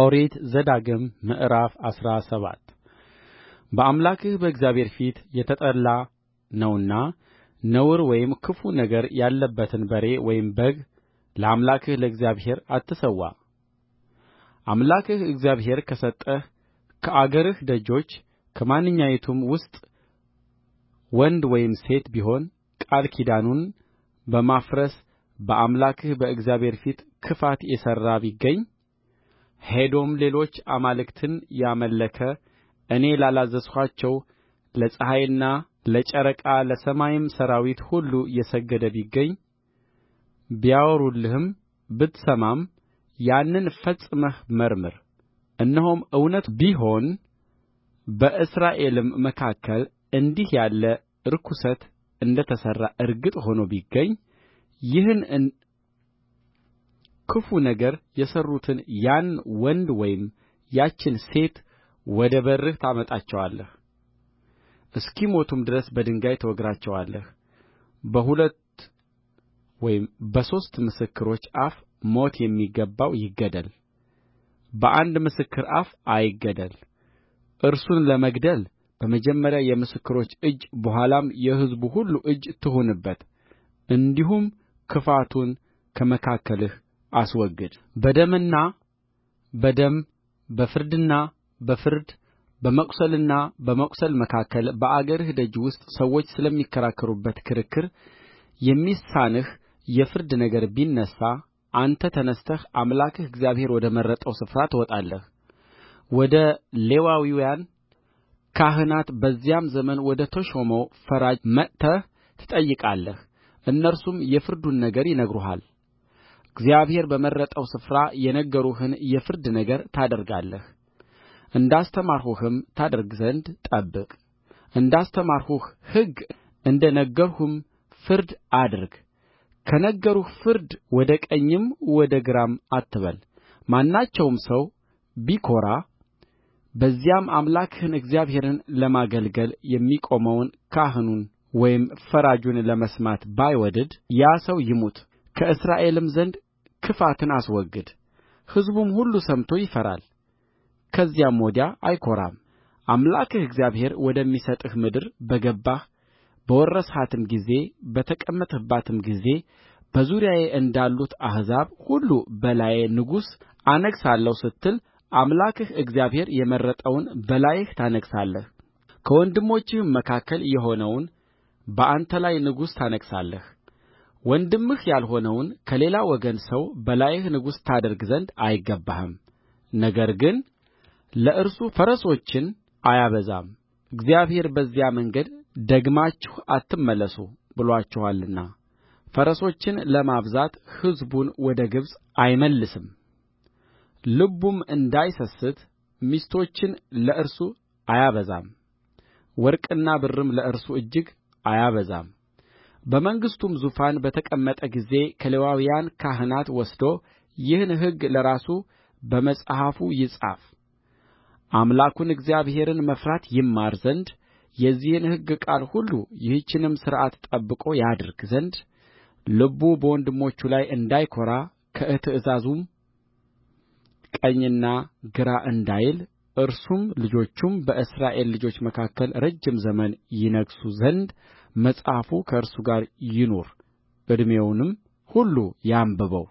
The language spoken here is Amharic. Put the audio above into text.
ኦሪት ዘዳግም ምዕራፍ አስራ ሰባት በአምላክህ በእግዚአብሔር ፊት የተጠላ ነውና ነውር ወይም ክፉ ነገር ያለበትን በሬ ወይም በግ ለአምላክህ ለእግዚአብሔር አትሠዋ አምላክህ እግዚአብሔር ከሰጠህ ከአገርህ ደጆች ከማንኛይቱም ውስጥ ወንድ ወይም ሴት ቢሆን ቃል ኪዳኑን በማፍረስ በአምላክህ በእግዚአብሔር ፊት ክፋት የሠራ ቢገኝ ሄዶም ሌሎች አማልክትን ያመለከ እኔ ላላዘዝኋቸው ለፀሐይና ለጨረቃ ለሰማይም ሠራዊት ሁሉ የሰገደ ቢገኝ ቢያወሩልህም ብትሰማም ያንን ፈጽመህ መርምር እነሆም እውነት ቢሆን በእስራኤልም መካከል እንዲህ ያለ ርኵሰት እንደ ተሠራ እርግጥ ሆኖ ቢገኝ ይህን ክፉ ነገር የሠሩትን ያን ወንድ ወይም ያችን ሴት ወደ በርህ ታመጣቸዋለህ እስኪሞቱም ድረስ በድንጋይ ትወግራቸዋለህ በሁለት ወይም በሦስት ምስክሮች አፍ ሞት የሚገባው ይገደል በአንድ ምስክር አፍ አይገደል እርሱን ለመግደል በመጀመሪያ የምስክሮች እጅ በኋላም የሕዝቡ ሁሉ እጅ ትሁንበት እንዲሁም ክፋቱን ከመካከልህ አስወግድ በደምና በደም በፍርድና በፍርድ በመቍሰልና በመቍሰል መካከል በአገርህ ደጅ ውስጥ ሰዎች ስለሚከራከሩበት ክርክር የሚሳንህ የፍርድ ነገር ቢነሣ አንተ ተነሥተህ አምላክህ እግዚአብሔር ወደ መረጠው ስፍራ ትወጣለህ ወደ ሌዋውያን ካህናት በዚያም ዘመን ወደ ተሾመው ፈራጅ መጥተህ ትጠይቃለህ እነርሱም የፍርዱን ነገር ይነግሩሃል እግዚአብሔር በመረጠው ስፍራ የነገሩህን የፍርድ ነገር ታደርጋለህ እንዳስተማርሁህም ታደርግ ዘንድ እንዳስተማርሁህ ሕግ እንደ ነገሩህም ፍርድ አድርግ ከነገሩህ ፍርድ ወደ ቀኝም ወደ ግራም አትበል ማናቸውም ሰው ቢኰራ በዚያም አምላክህን እግዚአብሔርን ለማገልገል የሚቆመውን ካህኑን ወይም ፈራጁን ለመስማት ባይወድድ ያ ሰው ይሙት ከእስራኤልም ዘንድ ክፋትን አስወግድ ሕዝቡም ሁሉ ሰምቶ ይፈራል ከዚያም ወዲያ አይኰራም አምላክህ እግዚአብሔር ወደሚሰጥህ ምድር በገባህ በወረስሃትም ጊዜ በተቀመጥህባትም ጊዜ በዙሪያዬ እንዳሉት አሕዛብ ሁሉ በላዬ ንጉሥ አነግሣለሁ ስትል አምላክህ እግዚአብሔር የመረጠውን በላይህ ታነግሣለህ ከወንድሞችህም መካከል የሆነውን በአንተ ላይ ንጉሥ ታነግሣለህ ወንድምህ ያልሆነውን ከሌላ ወገን ሰው በላይህ ንጉሥ ታደርግ ዘንድ አይገባህም ነገር ግን ለእርሱ ፈረሶችን አያበዛም እግዚአብሔር በዚያ መንገድ ደግማችሁ አትመለሱ ብሎአችኋልና ፈረሶችን ለማብዛት ሕዝቡን ወደ ግብፅ አይመልስም ልቡም እንዳይስት ሚስቶችን ለእርሱ አያበዛም ወርቅና ብርም ለእርሱ እጅግ አያበዛም በመንግሥቱም ዙፋን በተቀመጠ ጊዜ ከሌዋውያን ካህናት ወስዶ ይህን ሕግ ለራሱ በመጽሐፉ ይጻፍ አምላኩን እግዚአብሔርን መፍራት ይማር ዘንድ የዚህን ሕግ ቃል ሁሉ ይህችንም ሥርዓት ጠብቆ ያደርግ ዘንድ ልቡ በወንድሞቹ ላይ እንዳይኰራ ከትእዛዙም ቀኝና ግራ እንዳይል እርሱም ልጆቹም በእስራኤል ልጆች መካከል ረጅም ዘመን ይነግሡ ዘንድ መጽሐፉ ከእርሱ ጋር ይኑር ዕድሜውንም ሁሉ ያንብበው